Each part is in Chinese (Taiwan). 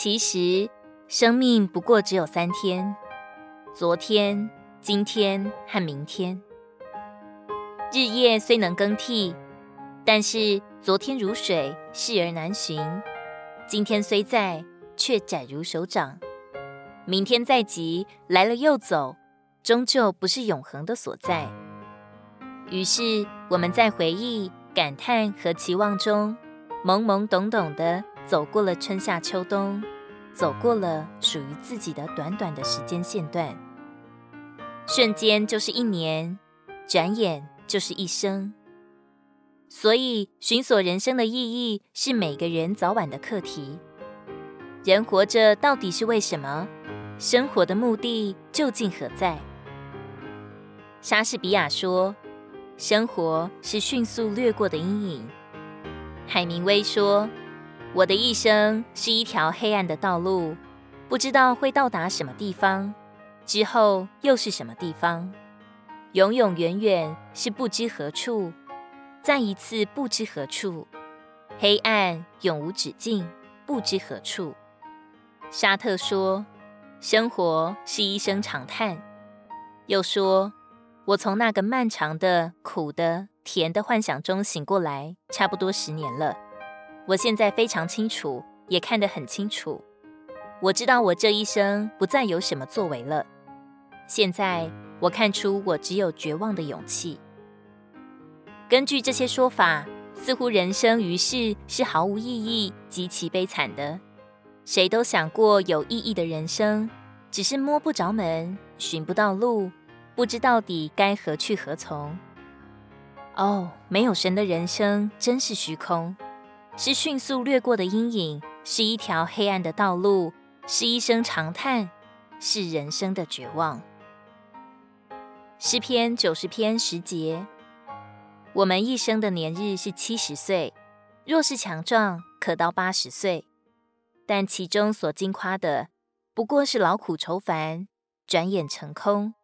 其實，生命不過只有三天：昨天、今天和明天。日夜雖能更替，但是昨天如水逝而難尋；今天雖在，卻窄如手掌；明天在即，來了又走，終究不是永恆的所在。於是，我們在回憶、感嘆和期望中，懵懵懂懂的。走過了春夏秋冬，走過了屬於自己的短短的時間線段，瞬間就是一年，轉眼就是一生。所以，尋索人生的意義是每個人早晚的課題。人活着到底是為什麼？生活的目的究竟何在？莎士比亞說：“生活是迅速掠過的陰影。”海明威說，我的一生是一條黑暗的道路，不知道會到達什麼地方，之後又是什麼地方？永永遠遠是不知何處，再一次不知何處，黑暗永無止境，不知何處。沙特說：“生活是一聲長嘆。”又說：“我從那個漫長的苦的甜的幻想中醒過來，差不多十年了。”我現在非常清楚，也看得很清楚。我知道我這一生不再有什麼作為了。現在我看出我只有絕望的勇氣。根據這些說法，似乎人生於世是毫無意義、極其悲慘的。誰都想過有意義的人生，只是摸不着門，尋不到路，不知到底該何去何從。哦，沒有神的人生真是虛空。是迅速掠過的陰影，是一條黑暗的道路，是一聲長嘆，是人生的絕望。詩篇九十篇十節，我們一生的年日是七十歲，若是強壯，可到八十歲。但其中所矜誇的，不過是勞苦愁煩，轉眼成空，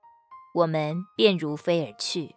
我們便如飛而去。